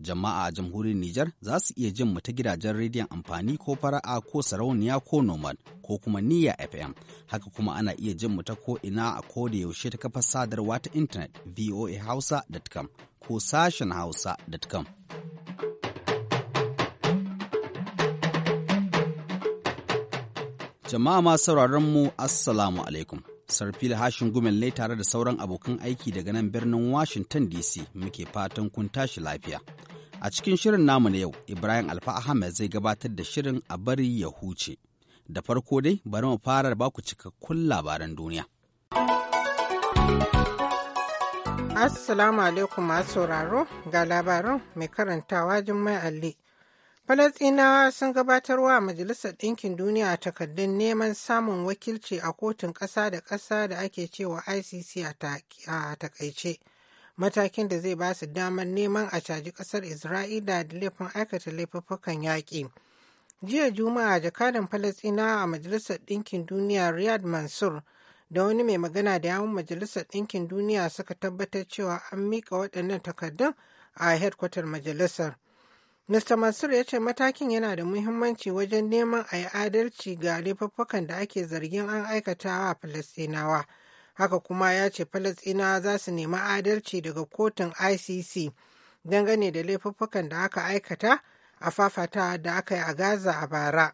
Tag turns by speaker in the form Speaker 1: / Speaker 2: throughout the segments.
Speaker 1: Jama'a a jamhuriyar Nijar za su iya jin mu ta gidajen rediyon amfani ko fara'a ko sarauniya ko nomad ko kuma niyya FM. Haka kuma ana iya jin mu ta ko ina a ko da yaushe ta kafar sadarwa ta intanet voahausa.com ko sashen hausa.com. Jama'a ma sauraron mu Assalamu alaikum. sarfila hashin gumel ne tare da sauran abokan aiki daga nan birnin washington dc muke fatan kun tashi lafiya a cikin shirin namu na yau ibrahim alfa ahmed zai gabatar da shirin a bari ya huce da farko dai bari mu fara baku cikakkun labaran duniya
Speaker 2: assalamu alaikum masu sauraro ga labaran mai karantawa jummai alli Falasɗinawa sun gabatarwa a Majalisar Ɗinkin Duniya takardun neman samun wakilci a kotun ƙasa da ƙasa da ake cewa ICC a takaice. Matakin da zai ba su damar neman a caji ƙasar Isra'ila da laifin aikata laifuffukan yaƙi. Jiya Juma'a jakadan Falasɗinawa a Majalisar Ɗinkin Duniya Riyad Mansur da wani mai magana da yawun Majalisar Ɗinkin Duniya suka tabbatar cewa an miƙa waɗannan takardun a hedkwatar majalisar. Mr. Mansur ya ce matakin yana da muhimmanci wajen neman a yi adalci ga laifuffukan da ake zargin an aikata a Falasɗinawa. Haka kuma ya ce Falasɗinawa za su nemi adalci daga kotun ICC dangane da laifuffukan da aka aikata a fafata da aka yi a Gaza a bara.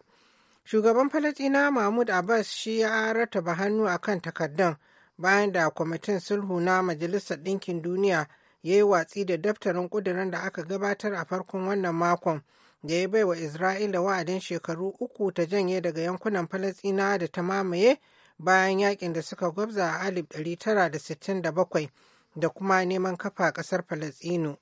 Speaker 2: Shugaban Falasɗinawa Mahmud Abbas shi ya rataba hannu a kan takardun bayan da kwamitin sulhu na Majalisar Ɗinkin Duniya ya yi watsi da daftarin kudirin da aka gabatar a farkon wannan makon da ya baiwa isra'ila wa'adin shekaru uku ta janye daga yankunan falasina da ta mamaye bayan yakin da suka gwabza a alif tara da sittin da da bakwai kuma neman kafa ƙasar falasino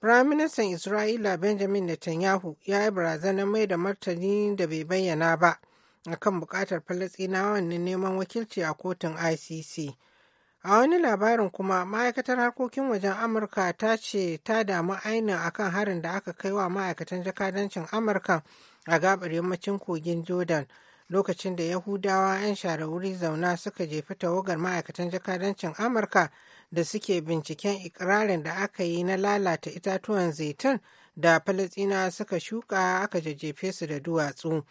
Speaker 2: Firaministan Isra'ila Benjamin Netanyahu ya yi barazanar mai da martani da bai bayyana ba akan bukatar falastinawa na neman wakilci a kotun ICC. A wani labarin kuma ma'aikatar harkokin wajen Amurka ta ce ta damu a akan harin da aka kai wa ma'aikatan jakadancin Amurka a gabar yammacin kogin Jordan lokacin da Yahudawa 'yan share wuri zauna suka jefi tawagar ma'aikatan jakadancin Amurka da suke binciken ikirarin da aka yi na lalata itatuwan zaitun da Falasina suka shuka aka jajjefe su da duwatsu.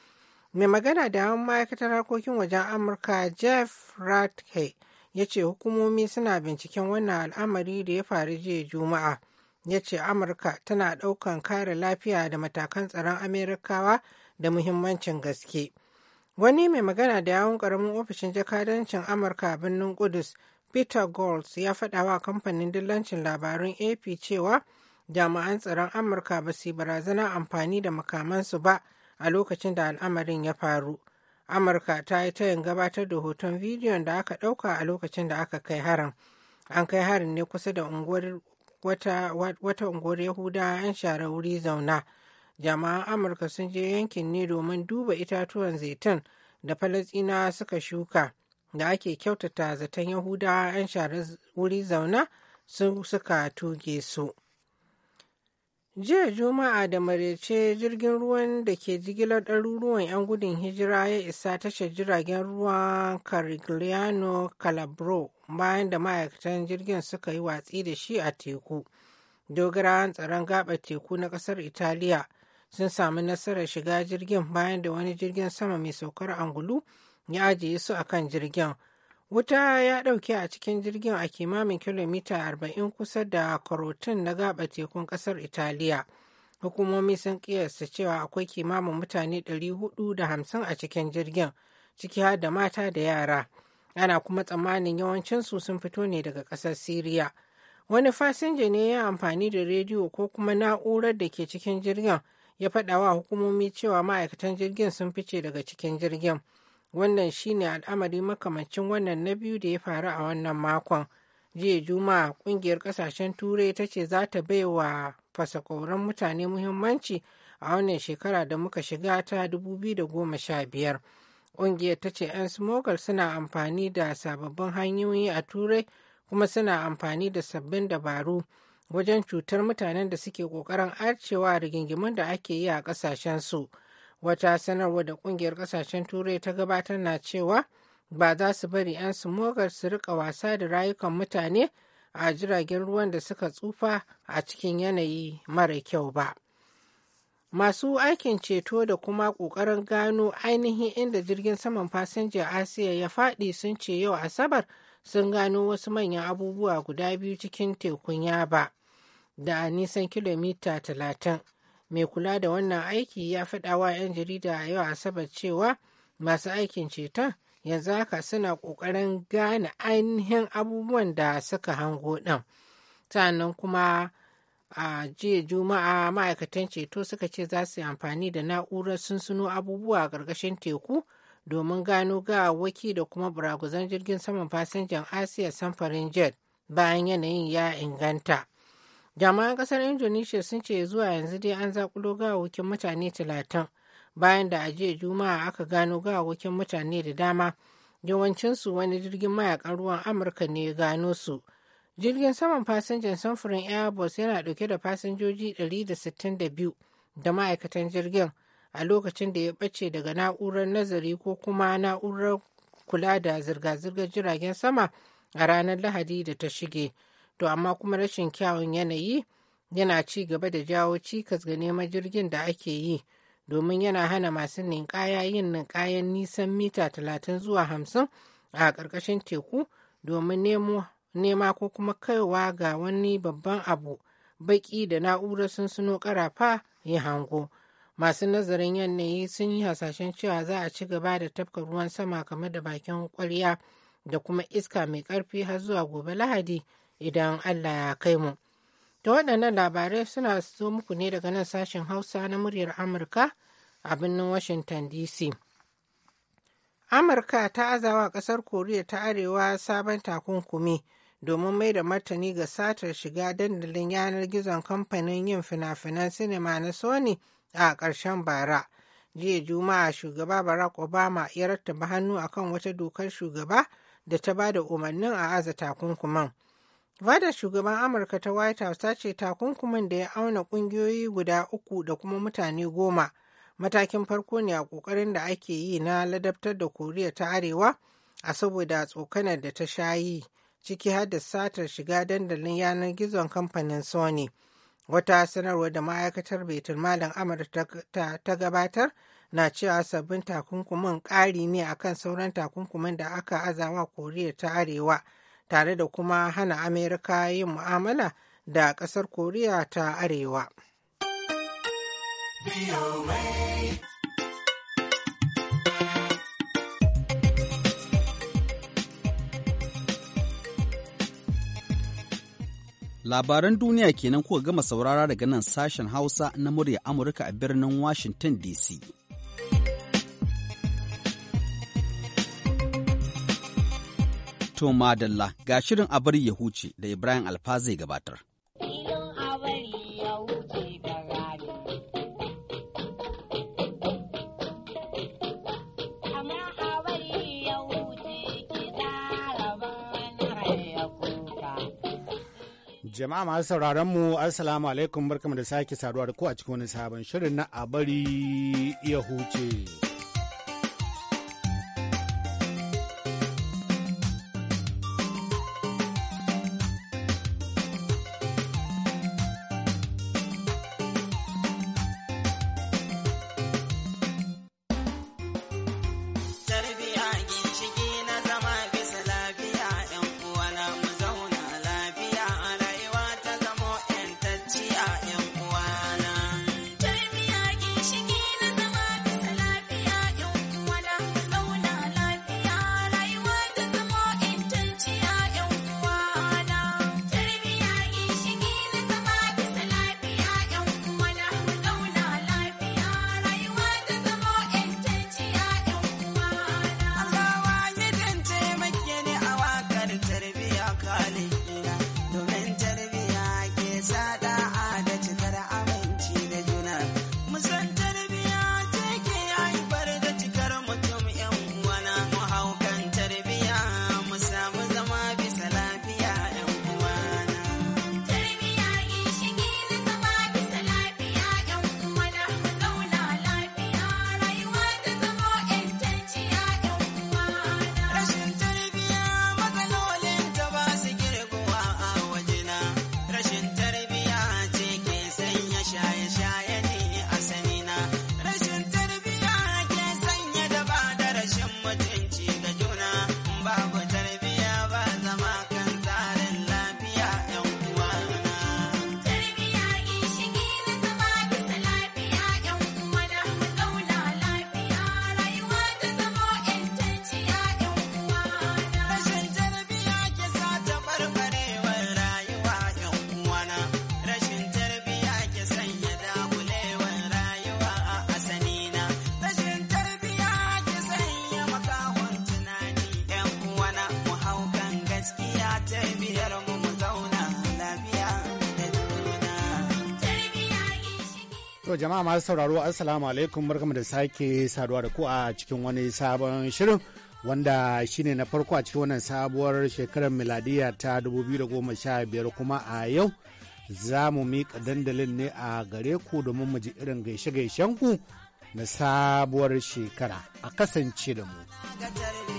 Speaker 2: Mai magana da ma'aikatar harkokin wajen Amurka Jeff Ratke ya ce hukumomi suna binciken wannan al'amari da ya faru jiya juma'a ya ce amurka tana ɗaukan kare lafiya da matakan tsaron amerikawa da muhimmancin gaske wani mai magana da yawon ƙaramin ofishin jakadancin amurka a birnin kudus peter golds ya faɗa wa kamfanin dillancin labarun ap cewa jami'an tsaron amurka ba su yi barazana amfani da makamansu ba a lokacin da al'amarin ya faru amurka ta yi tayin gabatar da hoton bidiyon da aka ɗauka a lokacin da aka kai harin an kai harin ne kusa da wata, unguwar yahuda 'yan share wuri zauna jama'an amurka sun je yankin ne domin duba itatuwan zaitun da falasina suka shuka da ake kyautata zaton yahuda 'yan share wuri zauna sun suka tuge su. jiya juma'a da marece jirgin ruwan da ke jigilar ɗaruruwan 'yan gudun hijira ya isa tashar jiragen ruwan carigliano calabro bayan da ma'aikatan jirgin suka yi watsi da shi a teku dogarawan tsaron gaɓa teku na ƙasar italiya sun sami nasarar shiga jirgin bayan da wani jirgin sama mai saukar angulu ya ajiye su a kan jirgin Wuta ya ɗauke a cikin jirgin a kimamin kilomita 40 kusa da Korotin na gaba tekun ƙasar Italiya. Hukumomi sun ƙiyasta cewa akwai kimamin mutane 450 a cikin jirgin, ciki har da mata da yara. Ana kuma tsammanin yawancinsu sun fito ne daga ƙasar Siriya. Wani fasinja ne ya amfani da rediyo ko kuma na'urar da ke cikin jirgin ya faɗawa hukumomi cewa ma'aikatan jirgin sun fice daga cikin jirgin. wannan shine al'amari makamancin wannan na biyu da ya faru a wannan makon jiya juma'a kungiyar kasashen turai ta ce za ta bai wa fasakoran mutane muhimmanci a wannan shekara da muka shiga ta 2015 Ƙungiyar ta ce 'yan smogal suna amfani da sababbin hanyoyi a turai kuma suna amfani da sabbin dabaru wajen cutar mutanen da suke kokarin arcewa rigingimin da ake yi a ƙasashen su wata sanarwa da kungiyar kasashen turai ta gabatar na cewa ba za su bari 'yan smogar su rika wasa da rayukan mutane a jiragen ruwan da suka tsufa a cikin yanayi mara kyau ba masu aikin ceto da kuma ƙoƙarin gano ainihin inda jirgin saman fasinja asiya ya faɗi sun ce yau asabar sun gano wasu manyan abubuwa guda biyu cikin tekun yaba da nisan kilomita talatin mai kula da wannan aiki ya faɗa wa 'yan jarida a yau asabar cewa masu aikin ceton yanzu haka suna ƙoƙarin gane ainihin abubuwan da suka hango ɗin sannan kuma a jiya juma'a ma'aikatan ceto suka ce za su yi amfani da na'urar sunsuno abubuwa a ƙarƙashin teku domin gano ga waki da kuma buraguzan jirgin saman fasinjan asiya samfarin jet bayan yanayin ya inganta jama'an kasar indonesia sun ce zuwa yanzu dai an zakulo gawawakin mutane talatin bayan da a juma'a aka gano gawawakin mutane da dama yawancinsu wani jirgin mayakan ruwan amurka ne ya gano su jirgin saman fasinjan samfurin airbus yana dauke da fasinjoji 162 da ma'aikatan jirgin a lokacin da ya bace daga na'urar nazari ko kuma na'urar kula da zirga-zirgar jiragen sama a ranar lahadi da ta shige. to amma kuma rashin kyawun yanayi yana ci gaba da jawo cikas ga neman jirgin da ake yi domin yana hana masu ninkaya yin ninkayan nisan mita talatin zuwa hamsin a ƙarƙashin teku domin nema ko kuma kaiwa ga wani babban abu Baki da na'urar sun suno ƙarafa ya hango masu nazarin yanayi sun yi hasashen cewa za a ci gaba da tafka ruwan sama kamar da bakin ƙwarya da kuma iska mai ƙarfi har zuwa gobe lahadi idan Allah ya kai mu. ta waɗannan labarai suna zo muku ne daga nan sashen Hausa na muryar Amurka a birnin Washington DC. Amurka ta azawa ƙasar Koriya ta Arewa sabon takunkumi domin mai da martani ga satar shiga dandalin yanar gizon kamfanin yin fina-finan sinima na Sony a ƙarshen bara. Jiya Juma'a shugaba Barack Obama ya rattaba hannu akan wata dokar shugaba da ta ba da umarnin a aza takunkuman. Vadar shugaban Amurka ta White House ta ce takunkumin da ya auna kungiyoyi guda uku da kuma mutane goma. Matakin farko ne a ƙoƙarin da ake yi na ladabtar da Koriya ta Arewa a saboda tsokanar da ta sha yi ciki har da satar shiga dandalin yanar gizon kamfanin Sony. Wata sanarwar da ma'aikatar malam Amurka ta gabatar na cewa sabbin takunkumin ƙari ne akan sauran takunkumin da aka azawa Koriya ta Arewa. tare da kuma hana Amerika yin mu'amala da ƙasar Koriya ta Arewa.
Speaker 1: Labaran duniya kenan kuka gama saurara daga nan sashen Hausa na murya Amurka a birnin Washington DC. To madalla ga shirin a bari ya huce da Ibrahim Alfa zai gabatar.
Speaker 3: Jama'a masu sauraron mu Assalamu alaikum barkamu da sake saduwa da ku a cikin wani sabon shirin na a bari ya huce. To jama'a masu sauraro assalamu alaikum barkamu da sake saduwa da ku a cikin wani sabon shirin wanda shine na farko a cikin wannan sabuwar shekarar miladiya ta 2015 kuma a yau za mu miƙa dandalin ne a gare ku domin mu ji irin gaishe gaishen ku na sabuwar shekara a kasance da
Speaker 4: mu.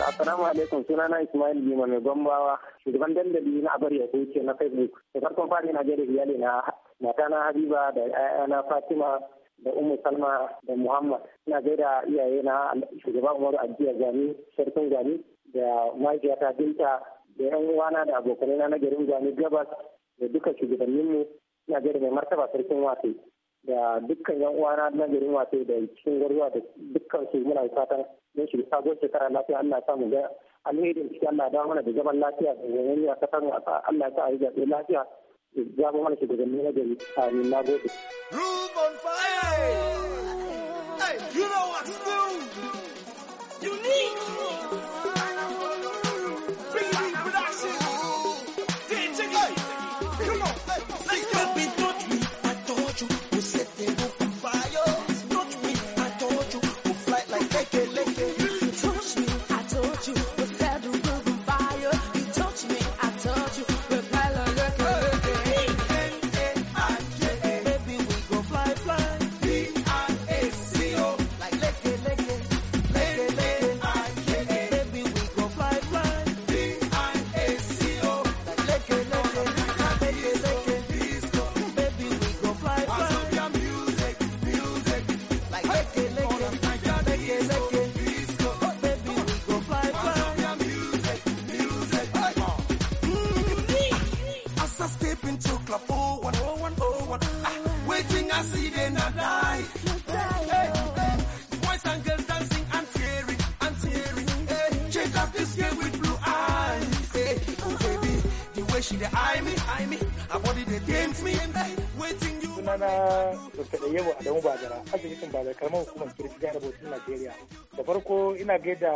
Speaker 5: Assalamu alaikum sunana Ismail Bima mai gombawa shugaban dandali na abar ya kuce na Facebook. Da farkon fari na jere iyali na matana Habiba da ƴaƴana Fatima da Ummu Salma da Muhammad. Ina gaida iyaye na shugaban Umaru Ajiya Gani, Sarkin Gani da mahaifiyata Binta da ƴan uwana da abokanai na garin Gani Gabas da duka shugabanninmu. Ina gaida mai martaba Sarkin Wasai. da dukkan yan uwana na garin wato da cikin garuwa da dukkan su muna fatan mun shiga sabon shekara lafiya Allah ya samu ga alheri shi Allah ya dawo mana da zaman lafiya da yanayi a kasar san Allah ya sa a yi zaɓe lafiya ya mu mana shugabanni na gari amin na gode.
Speaker 6: Room on fire!
Speaker 5: Hey, you know what to
Speaker 6: do! You need she dey eye me eye me her body dey tempt me
Speaker 5: waiting you sunana dr ɗayyabu adamu bazara asibitin bazara karamar hukumar kirki jihar bautin najeriya da farko ina gaida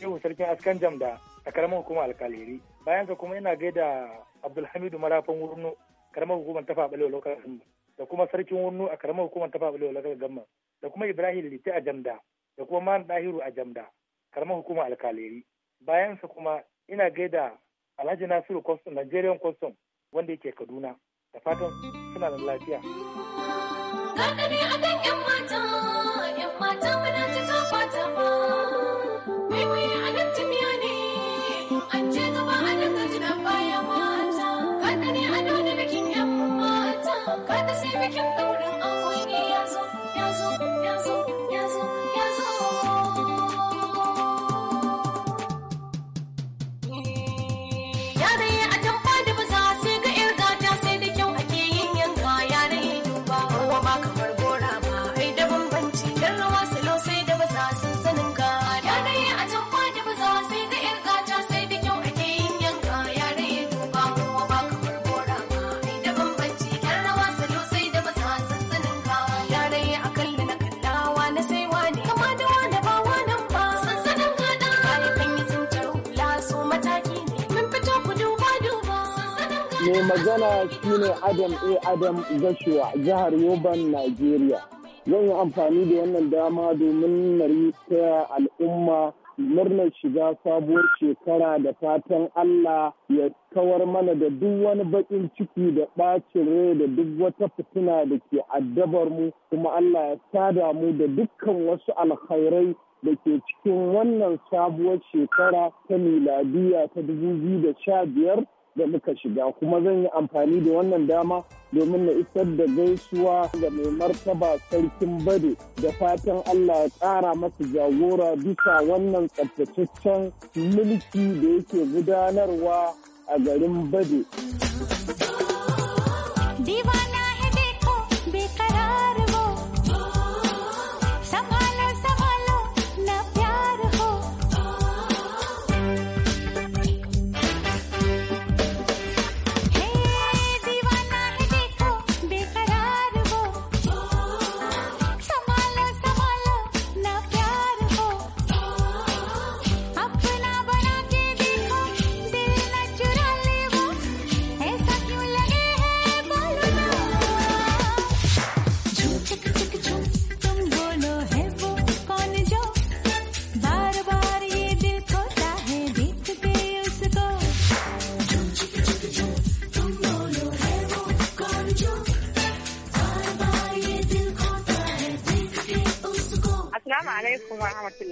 Speaker 5: yau sarkin askan jam da a karamar hukumar alkaleri bayan ka kuma ina gaida abdulhamidu marafan wurnu karamar hukumar tafa balewa lokacin da kuma sarkin wurnu a karamar hukumar tafa balewa lokacin gamma da kuma ibrahim litti a jamda da kuma man dahiru a jamda karamar hukumar alkaleri bayan sa kuma ina gaida alhaji nasiru custom nigerian custom wanda yake kaduna da fatan suna da
Speaker 7: lafiya Gargaɗi a kan 'yan mata, 'yan mata muna ta tafa tafa, waiwaye a nan tafiya ne, an ce gaba a nan gaji da baya mata, gargaɗi a da bikin 'yan mata, kada sai bikin ɗaure.
Speaker 5: magana shine Adam A. Adam gashewa jihar Yoban, nigeria Zan yi amfani da wannan dama domin na ta al'umma murnar shiga sabuwar shekara da fatan Allah ya kawar mana da duk wani baƙin ciki da ɓacin rai da duk wata fitina da ke addabar mu kuma Allah ya sada mu da dukkan wasu alkhairai da ke cikin wannan sabuwar shekara ta miladiya ta 2015 da muka shiga kuma zan yi amfani da wannan dama domin na isar da gaisuwa ga mai martaba sarkin bade da fatan Allah ya ƙara masa jagora bisa wannan tsaftataccen mulki da yake gudanarwa a garin bade.
Speaker 7: Diva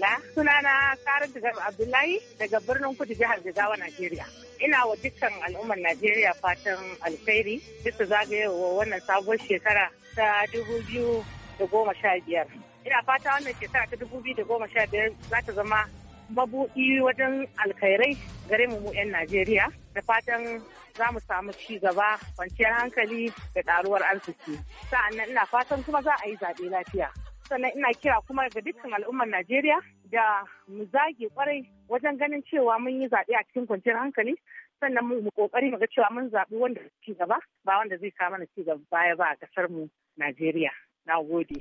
Speaker 2: Abdullah. Sunana Karin Dugam Abdullahi daga birnin Kudu jihar Jigawa, Najeriya. Ina wa dukkan al'ummar Najeriya fatan alkhairi bisa zagayewa wannan sabuwar shekara ta dubu biyu da goma sha biyar. Ina fata wannan shekara ta dubu biyu da goma sha biyar za ta zama mabuɗi wajen alkhairai gare mu 'yan Najeriya da fatan za mu samu ci gaba kwanciyar hankali da ƙaruwar arziki. Sa'annan ina fatan kuma za a yi zaɓe lafiya. sannan ina kira kuma ga dukkan al'ummar najeriya da mu zage kwarai wajen ganin cewa mun yi zaɓe a cikin kwanciyar hankali sannan mu kokari mu ga cewa mun zaɓi wanda ci gaba ba wanda zai kawo mana ci gaba baya ba a kasar mu najeriya na gode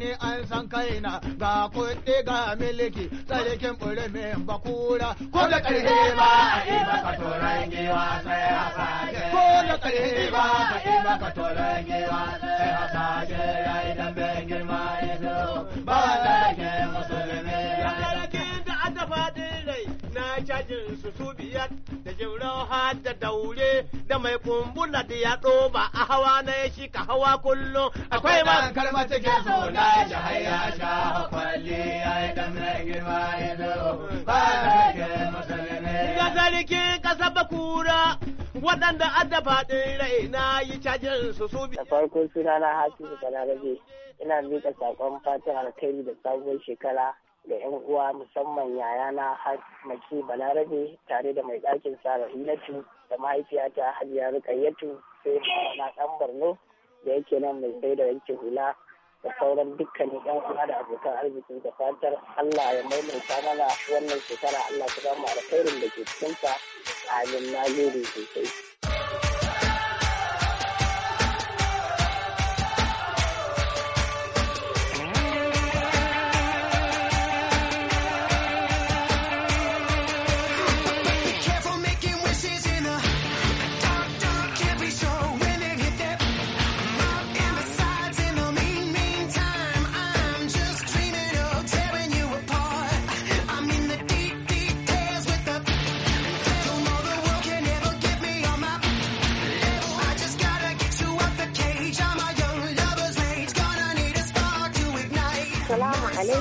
Speaker 4: ni an san kaina ga
Speaker 6: kuɗi ga miliki tsarikin ɓurimin bakura ko da ƙarfi ba a yi maka turan giwa sai a ko
Speaker 4: da ƙarfi ba a yi maka turan giwa sai ya yi dambe girma
Speaker 6: ba da su biyar da jimrau har da daure da mai kumbula da ya ɗoba a hawa na ya shi ka hawa kullum akwai ma karma take so na shi haya sha kwalli ya yi damar girma ya ba da ke salame. Ga sarki kasa bakura waɗanda adda da rai na yi cajin
Speaker 5: su su bi. Da farko suna na hatu da ina miƙa saƙon fatan alkhairi da sabuwar shekara da yan uwa musamman yayana maki balarabe tare da mai ɗakin sa rahinatu da mahaifiyata hajiya rukayyatu sai na ɗan borno da yake nan mai sai da yanke hula da sauran dukkanin yan uwa da abokan arzikin da fatar Allah ya maimaita mana wannan shekara Allah ta ba mu alkhairin da ke a amin na sosai.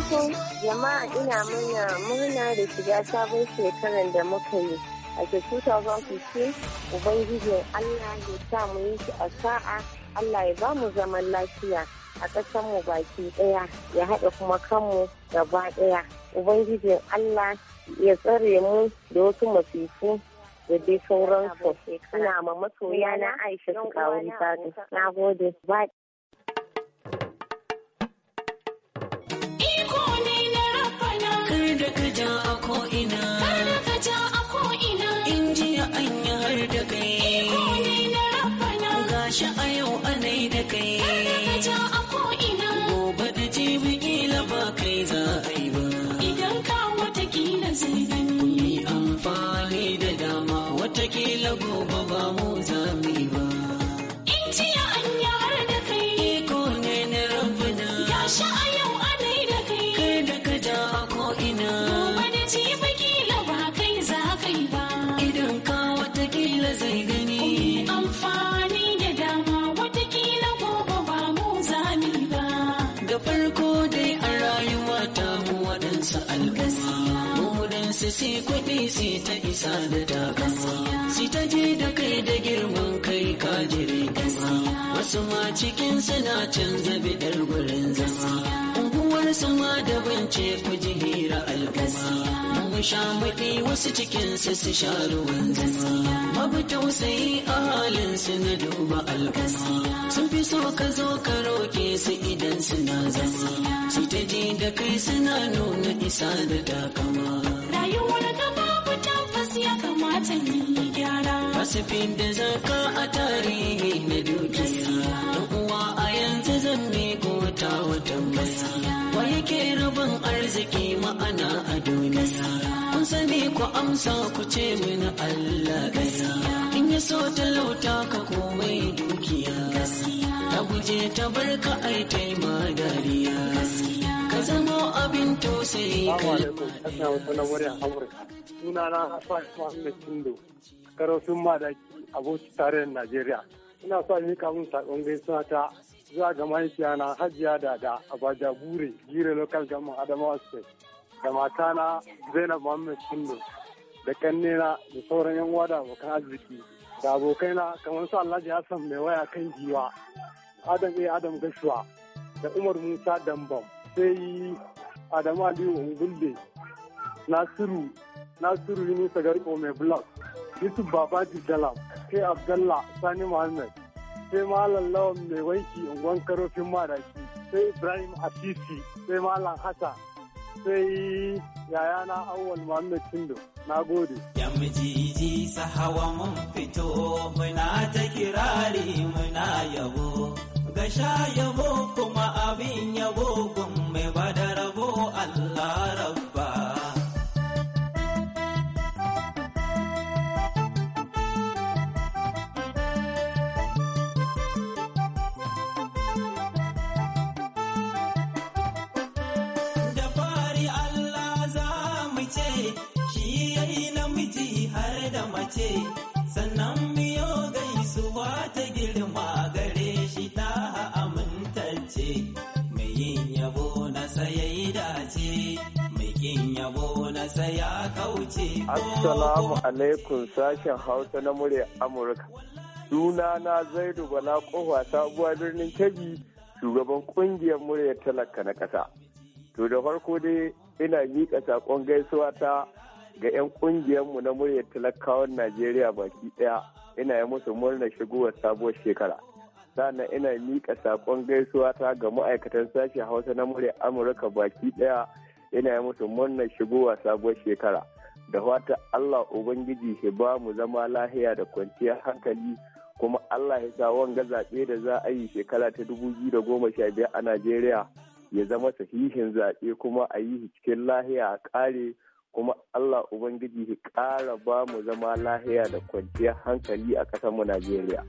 Speaker 6: alaikum
Speaker 2: jama'a ina murna murna da shiga sabon shekarar da muka yi a ke 2015 ubangijin allah ya sa mu yi shi a sa'a allah ya ba mu zaman lafiya a mu baki ɗaya ya haɗa kuma kanmu
Speaker 5: gaba ɗaya ubangijin allah ya tsare mu da wasu masifu
Speaker 2: da dai sauransu ina ma masoya na aisha su kawo na gode
Speaker 7: si ta isa da takama si ta je da kai da girman kai ka jire gama wasu ma cikin suna canza bidar gurin zama unguwar su ma daban ce ku ji hira alkama mu sha maɗi wasu cikin su su sha ruwan zama babu tausayi a halin su na duba alkama sun fi so ka zo ka roke su idan suna zama si ta je da kai suna nuna isa da takama ta gyara. Kasafin da zaka a tarihi na dukiya. Da uwa a yanzu zan miko ta wata masiya. Wa yake rabin arziki ma'ana a duniya. Kun sani ku amsa ku ce mini Allah gaskiya. In ya so talauta ka komai dukiya. Gaskiya. Ta guje ta barka ai taima dariya. Gaskiya. ta zama abin tausayi suna na Hassan Muhammad
Speaker 5: Tindo, karofin madaki abokin tarayyar Najeriya. Ina sa in kamun sakon gaisuwa ta zuwa ga na Hajiya Dada Abaja Bure, Gire Local gama Adamawa State, da matana Zainab Muhammad Tindo, da kannena da sauran yan uwa da abokan arziki, da abokaina kamar su Alhaji Hassan mai waya kan giwa, Adam A. Adam Gashuwa, da Umar Musa Dambam. sai Adamu Aliyu Ungulde, Nasiru, Nasiru nisa gari mai blok Yusuf Babaji dalam sai Abdallah Sani Muhammad, sai Malam Lawan mai wanki unguwan karofin maraki, sai Ibrahim Asisi, sai Malam Hassan, sai yayana awwal Muhammad Tindo. Na gode. Ya
Speaker 4: sahawa mun fito muna ta kirari muna yabo. Ga sha yabo kuma abin yabo gun rabo Allah rabo Assalamu
Speaker 5: alaikum sashen Hausa na murya Amurka.
Speaker 4: Suna na Zaidu Bala Kofa
Speaker 5: sabuwa birnin Kebbi shugaban kungiyar murya talaka na ƙasa. To da farko dai ina miƙa saƙon gaisuwa ta ga 'yan mu na muryar talakawan Najeriya baki ɗaya ina yi musu murnar shigowar sabuwar shekara. Sannan ina miƙa saƙon gaisuwa ta ga ma'aikatan sashen Hausa na murya Amurka baki ɗaya ina yi musu murnar shigowar sabuwar shekara. da fata Allah Ubangiji ya ba mu zama lahiya da kwanciyar hankali kuma Allah ya sa wanga zaɓe da za a yi shekara ta dubu a Najeriya ya zama sahihin zaɓe kuma a yi cikin lahiya a ƙare kuma Allah Ubangiji ya ƙara ba mu zama lahiya da kwanciyar hankali a ƙasar mu Najeriya.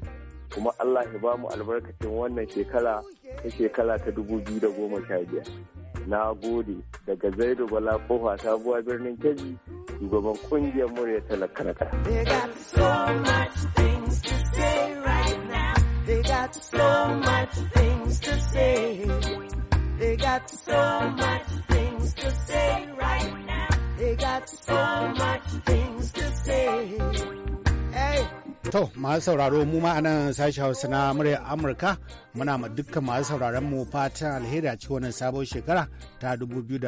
Speaker 5: kuma Allah ya ba mu albarkacin wannan shekara ta shekara ta dubu Na gode daga Zaidu Bala Kofa sabuwa birnin keji. shugaban kungiyar murya talaka na kasa.
Speaker 6: They got so much things to say. They got so much things to say right now. They got so much things to say.
Speaker 3: Hey. To, masu sauraro mu ma anan sashen Hausa na murya Amurka muna ma dukkan masu sauraron mu fatan alheri a cikin wannan sabon shekara ta da 2015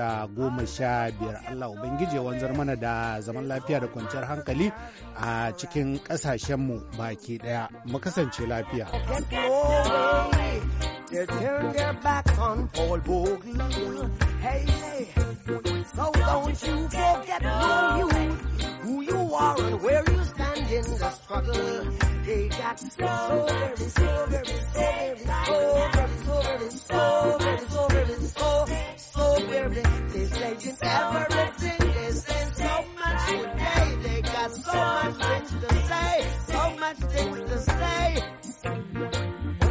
Speaker 3: Allah Ubangiji wanzar mana da zaman lafiya da kwanciyar hankali a cikin mu baki daya. Mu kasance lafiya.
Speaker 6: so don't you forget who you are and where you stand. in the struggle. They got so very, so very, so very, so very, so very, so very, so very, so so very. They say in everything. They say so much today. They got so much things to say, so much things to say.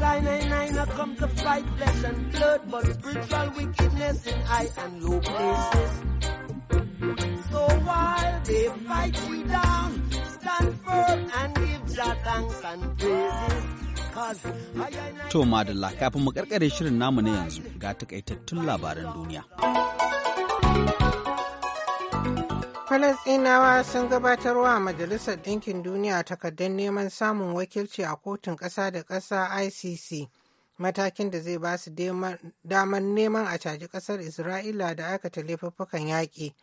Speaker 6: Nine nine nine, I come to fight flesh and blood, but spiritual wickedness in high and low places. So while they fight you down.
Speaker 1: To Madalla kafin mu karkare shirin namu na yanzu ga takaitattun labaran duniya.
Speaker 2: Falasɗinawa sun gabatarwa a Majalisar Ɗinkin Duniya takardar neman samun wakilci a kotun ƙasa da ƙasa ICC matakin da zai ba su damar neman a caji ƙasar Isra'ila da aikata laifuffukan yaƙi.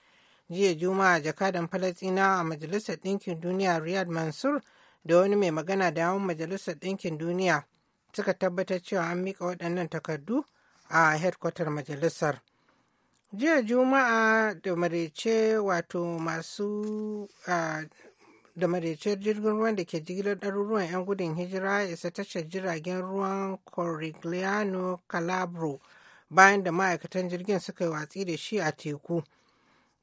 Speaker 2: Jiya Juma'a jakadan Falasɗinawa a Majalisar Ɗinkin Duniya Riyad Mansur da wani mai magana da yawon majalisar ɗinkin duniya suka tabbatar cewa an mika waɗannan takardu a hedkwatar majalisar jiya juma'a da marece wato masu da mareciyar jirgin ruwan da ke jigilar ɗaruruwan 'yan gudun hijira isa tashar jiragen ruwan corigliano calabro bayan da ma'aikatan jirgin suka yi watsi da shi a teku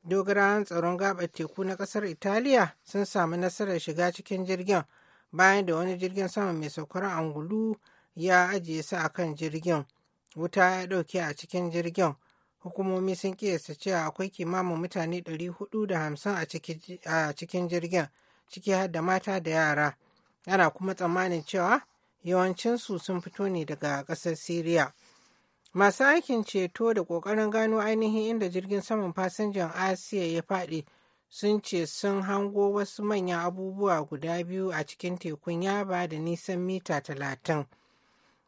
Speaker 2: dogarawan tsaron gaɓar teku na ƙasar italiya sun samu nasarar shiga cikin jirgin bayan da wani jirgin sama mai saukar angulu ya ajiye su a kan jirgin wuta ya ɗauke a cikin jirgin hukumomi sun kiyasta cewa akwai kimanin mutane 450 a cikin jirgin ciki har da mata da yara ana kuma tsammanin cewa yawancinsu sun fito ne daga ƙasar Siriya. masu aikin ceto da ƙoƙarin gano ainihin inda jirgin saman fasinjan asiya ya faɗi sun ce sun hango wasu manyan abubuwa guda biyu a cikin tekun yaba da nisan mita talatin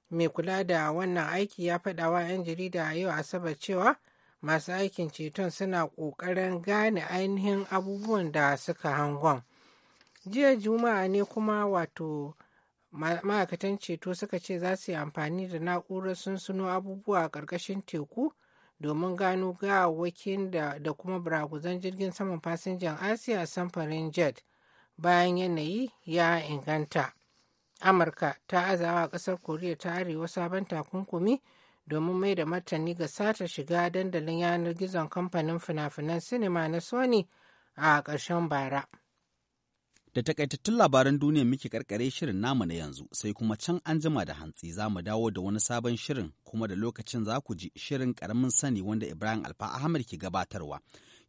Speaker 2: mai kula da wannan aiki ya faɗa wa 'yan jarida a yau asabar cewa masu aikin ceton suna ƙoƙarin gane ainihin abubuwan da suka hangon jiya juma'a ne kuma wato ma'aikatan ceto suka ce za su yi amfani da na'urar sunsuno abubuwa a ƙarƙashin teku domin gano gawakin da kuma buraguzan jirgin saman fasinjan asiya samfarin jet bayan yanayi ya inganta amurka ta azawa ƙasar koriya ta arewa sabon takunkumi domin mai da martani ga sata shiga dandalin yanar gizon kamfanin fina-finan sinima na sony a ƙarshen bara.
Speaker 1: Da takaitattun labaran duniya muke karkare shirin namu na yanzu sai kuma can an jima da hantsi za mu dawo da wani sabon shirin kuma da lokacin za ku ji shirin karamin sani wanda Ibrahim Alfa Ahmad ke gabatarwa.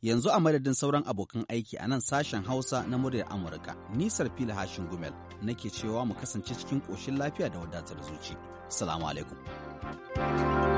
Speaker 1: Yanzu a madadin sauran abokan aiki a nan sashen Hausa na muryar Amurka, nisar fili hashin gumel nake cewa mu kasance cikin koshin lafiya da wadatar zuci. Salamu alaikum.